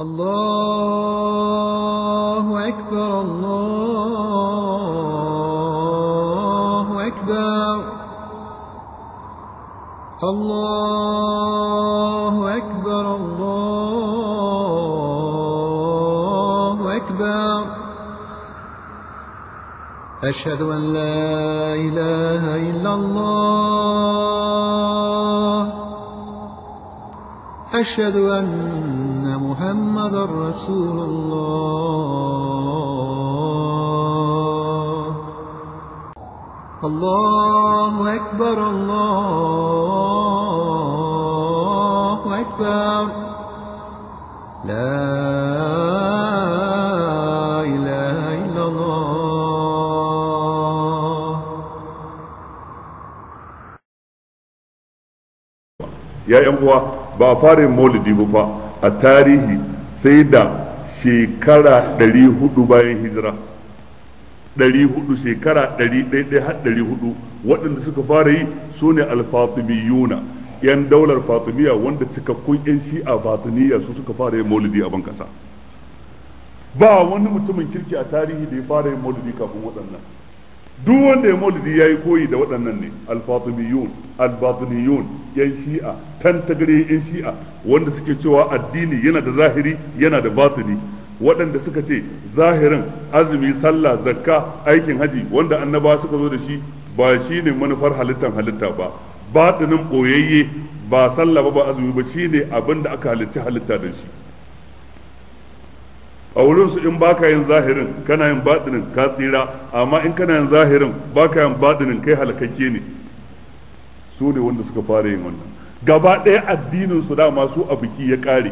الله أكبر الله أكبر الله أكبر الله أكبر أشهد أن لا إله إلا الله أشهد أن أن محمدا رسول الله الله أكبر الله أكبر لا إله إلا الله يا أبوه بافار مولدي maulidi a tarihi sai da shekara 400 bayan hijira 400 shekara ɗari 100 har 400 waɗanda suka fara yi su ne alfatimiyuna yan daular fatimiyya wanda cikakkun yan shi'a fatimiyya su suka fara yin maulidi a ban ƙasa ba wani mutumin kirki a tarihi da ya fara yin maulidi kafin waɗannan duk wanda ya maulidi yi koyi da waɗannan ne al-fatimiyun yan shi'a tantagare yan shi'a wanda suke cewa addini yana da zahiri yana da batini waɗanda suka ce zahirin azumi sallah zakka aikin haji wanda annaba suka zo da shi ba shi ne manufar halittar halitta ba batinin ɓoyayye ba sallah ba ba azumi ba shi ne abin da aka halitta halitta da shi a wurin su in baka yin zahirin kana yin batinin ka tsira amma in kana yin zahirin baka yin batinin kai halakakke ne su ne wanda suka fara yin wannan gaba ɗaya addinin su da masu a biki ya ƙare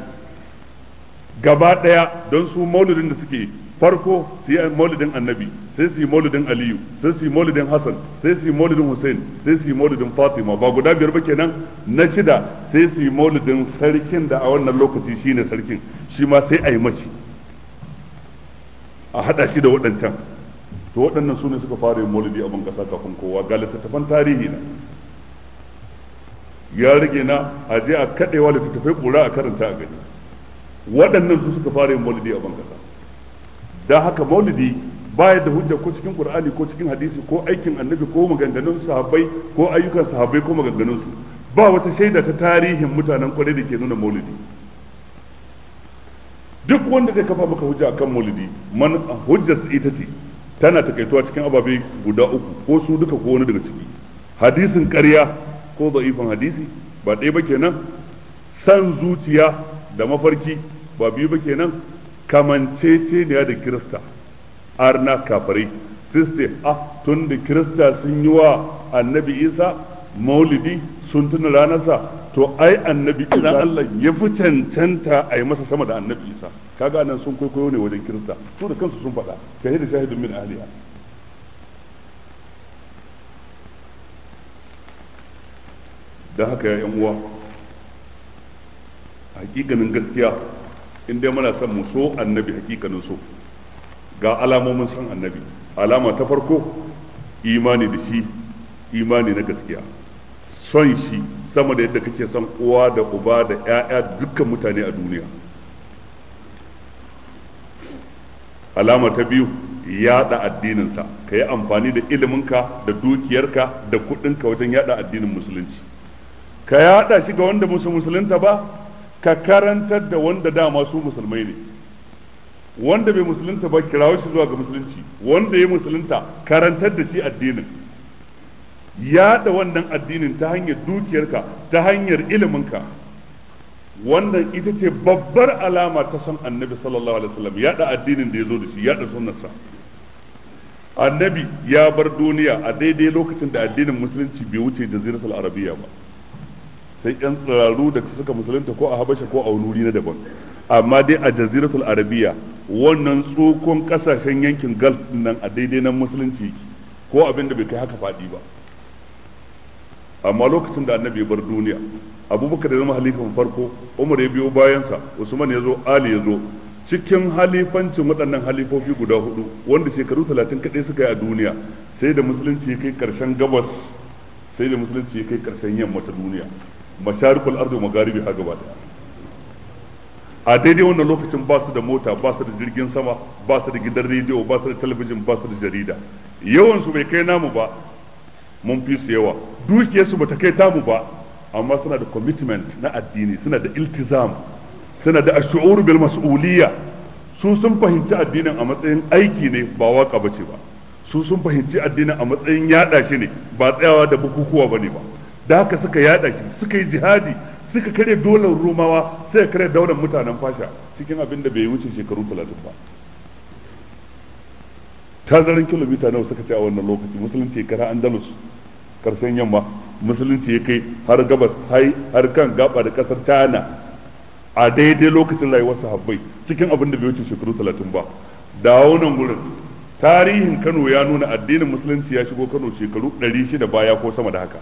gaba ɗaya don su maulidin da suke farko su yi maulidin annabi sai su yi maulidin aliyu sai su yi maulidin hassan sai su yi maulidin hussein sai su yi maulidin fatima ba guda biyar ba kenan na shida sai su yi maulidin sarkin da a wannan lokaci shine sarkin shi ma sai a yi mashi a haɗa shi da waɗancan to waɗannan su ne suka fara yin maulidi ban kasa kafin kowa ga littattafan tarihi na ya rage na a je a kaɗewa littattafai ƙura a karanta a gani waɗannan su suka fara yin maulidi ban kasa da haka maulidi baya da hujja ko cikin qur'ani ko cikin hadisi ko aikin annabi ko maganganun sahabbai ko ayyukan sahabbai ko maganganun su ba wata shaida ta tarihin mutanen kwarai da ke nuna maulidi duk wanda zai kafa maka hujja kan maulidi man hujjar ita ce tana takaituwa cikin ababe guda uku ko su duka ko wani daga ciki hadisin karya ko za'ifin hadisi ba ɗaya ba kenan san zuciya da mafarki ba biyu ba kenan kamancece ne da kirista arna kafari, sai su ah, tun da kirista sun yi wa annabi isa maulidi sun tuna ranarsa to ai annabi idan Allah ya fi cancanta a yi masa sama da annabi isa kaga nan sun kwaikwayo ne wajen kirista to da kansu sun faɗa shahidu shahidu min ahliya da haka ya yan uwa hakikanin gaskiya in dai muna son mu so annabi hakikanin so ga alamomin san annabi alama ta farko imani da shi imani na gaskiya son shi sama da yadda kake son uwa da uba da 'ya'ya dukkan mutane a duniya alama ta biyu yada addininsa ka yi amfani da iliminka da dukiyarka da kudinka wajen yada addinin musulunci ka yada shi ga wanda musu musulunta ba ka karantar da wanda dama su musulmai ne wanda bai musulunta ba kirawo shi zuwa ga musulunci wanda ya musulunta karantar da shi addinin yaɗa wannan addinin ta hanyar dukiyarka ta hanyar iliminka wannan ita ce babbar alama ta san annabi sallallahu alaihi wasallam yaɗa addinin da ya zo da shi yaɗa sunnarsa annabi ya bar duniya a daidai lokacin da addinin musulunci bai wuce jaziratul arabiya ba sai yan tsiraru da suka musulunta ko a habasha ko a wuri na daban amma dai a jaziratul arabiya wannan tsokon kasashen yankin gulf nan a daidai nan musulunci ko abin da bai kai haka faɗi ba amma lokacin da annabi bar duniya abubakar ya zama halifan farko umar ya biyo bayansa usman ya zo ali ya zo cikin halifancin waɗannan halifofi guda hudu wanda shekaru talatin kaɗai suka yi a duniya sai da musulunci ya kai ƙarshen gabas sai da musulunci ya kai ƙarshen yamma ta duniya masharikul ardu magaribi ha gaba a daidai wannan lokacin ba su da mota ba su da jirgin sama ba su da gidan rediyo ba su da talabijin ba su da jarida yawan su bai kai namu ba mun fi su yawa dukiyarsu ba ta kai tamu ba amma suna da commitment na addini suna da iltizam suna da ashu'uru bil mas'uliyya su sun fahimci addinin a matsayin aiki ne ba waka bace ba su sun fahimci addinin a matsayin yada shi ne ba tsayawa da bukukuwa bane ba da haka suka yada shi suka yi jihadi suka kare dolar romawa suka kare daular mutanen fasha cikin abin da bai wuce shekaru talatin ba tazarin kilomita nawa suka ce a wannan lokaci musulunci ya kara andalus karshen yamma musulunci ya kai har gabas har kan gaba da kasar tana a daidai lokacin rayuwar sahabbai cikin abin da bai wuce shekaru talatin ba da wannan gurin tarihin kano ya nuna addinin musulunci ya shigo kano shekaru ɗari shida baya ko sama da haka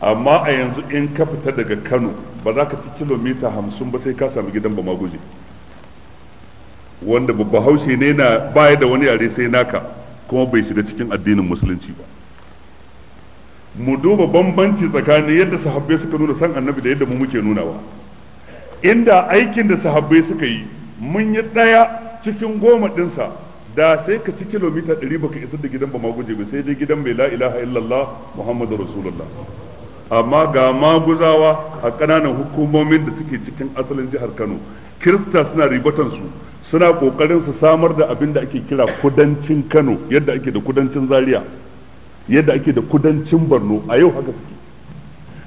amma a yanzu in ka fita daga kano ba za ka ci kilomita hamsin ba sai ka sami gidan ba wanda babba haushe ne na baya da wani yare sai naka kuma bai shiga cikin addinin musulunci ba mu duba bambanci tsakanin yadda sahabbai suka nuna san annabi da yadda mu muke nunawa inda aikin da sahabbai suka yi mun yi ɗaya cikin goma ɗinsa da sai ka ci kilomita ɗari baka isa da gidan ba ma guje ba sai dai gidan mai la ilaha illallah muhammadu rasulullah amma ga maguzawa a ƙananan hukumomin da suke cikin asalin jihar kano kirista suna ribatan su suna kokarin su samar da abin da ake kira kudancin Kano yadda ake da kudancin Zaria yadda ake da kudancin Borno a yau haka suke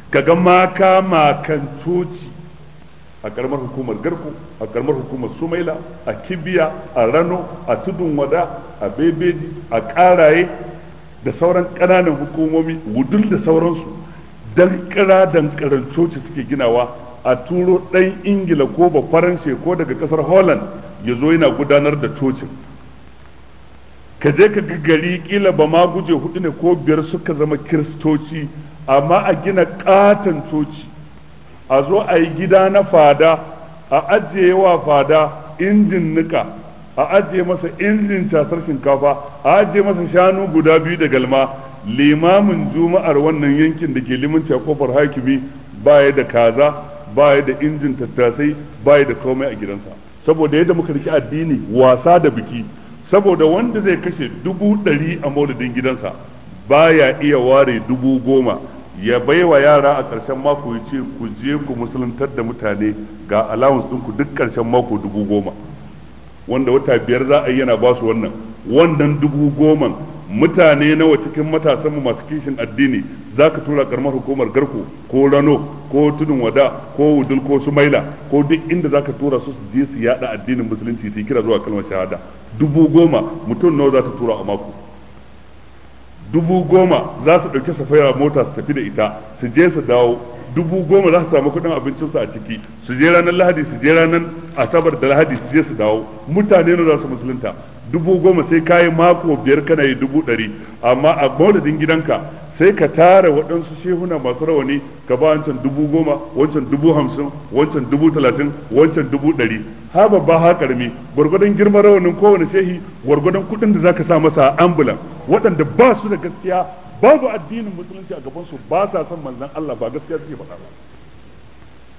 kaga maka makantoci a karamar hukumar garko a karamar hukumar sumaila a kibiya a rano a tudun wada a bebeji a karaye da sauran ƙananan hukumomi gudun da sauransu dan kira dan suke ginawa a turo ɗan ingila ko ba faranshe ko daga ƙasar holland ya zo yana gudanar da cocin ka je ka ga gari kila ba ma guje hudu ne ko biyar suka zama kiristoci amma a gina katon coci a zo a yi gida na fada a ajiye wa fada injin nika a ajiye masa injin casar shinkafa a ajiye masa shanu guda biyu da galma limamin juma'ar wannan yankin da ke limanci a kofar hakimi baya da kaza baya da injin tattasai baya da komai a gidansa saboda yadda muka riki addini wasa da biki saboda wanda zai kashe dubu ɗari a maulidin gidansa baya iya ware dubu goma ya bai wa yara a ƙarshen mako ya ce ku je ku musuluntar da mutane ga allowance ɗinku duk ƙarshen mako dubu goma wanda wata biyar za a yi yana ba su wannan wannan dubu goman mutane nawa cikin matasanmu masu kishin addini za ka tura karamar hukumar garko ko rano ko tudun wada ko wudul ko sumaila ko duk inda za ka tura su su je su yada addinin musulunci su kira zuwa kalmar shahada dubu goma mutum nawa za ta tura a mako dubu goma za su ɗauki safaya mota su tafi da ita su je su dawo dubu goma za su samu kuɗin abincinsu a ciki su je ranar lahadi su je ranar asabar da lahadi su je su dawo mutane nawa za su musulunta dubu goma sai kayi mako biyar kana yi dubu ɗari amma a maulidin gidanka sai ka tara waɗansu shehuna masu rawani ka ba wancan dubu goma wancan dubu hamsin wancan dubu talatin wancan dubu ɗari ha babba ha ƙarami gwargwadon girman rawanin kowane shehi gwargwadon kuɗin da za ka sa masa ambulan waɗanda ba su da gaskiya babu addinin musulunci a gabansu ba sa son manzon Allah ba gaskiya suke faɗa ba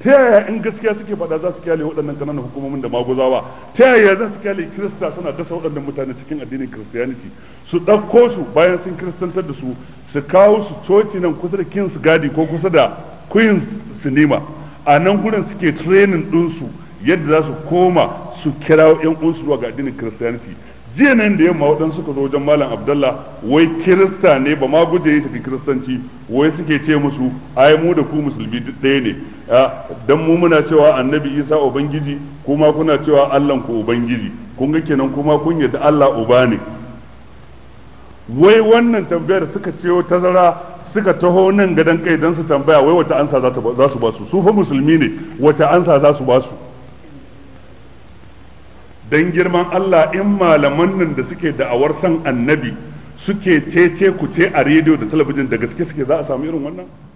ta yaya in gaskiya suke faɗa za su kyale waɗannan ƙananan hukumomin da maguzawa ta yaya za su kyale kirista suna dasa waɗannan mutane cikin addinin kiristiyaniti su ɗauko su bayan sun kiristantar da su su kawo su coci nan kusa da kings gadi ko kusa da queens cinema a nan gurin suke training ɗinsu yadda za su koma su kirawo yan uwansu zuwa ga addinin kiristiyaniti jiya nan da yamma waɗansu suka zo wajen malam abdallah wai kirista ne ba ma guje ya tafi kiristanci wai suke ce musu ai mu da ku musulmi ɗaya ne dan mu muna cewa annabi isa ubangiji kuma kuna cewa allah ku ubangiji kun ga kenan kuma kun yarda allah uba ne wai wannan tambayar suka ciyo tazara suka taho nan gadon kai don su tambaya wai wata ansa za su ba su su fa musulmi ne wata ansa za su ba su dan girman Allah in malaman nan da suke da'awar san annabi suke cece ku ce a rediyo da talabijin da gaske suke za a samu irin wannan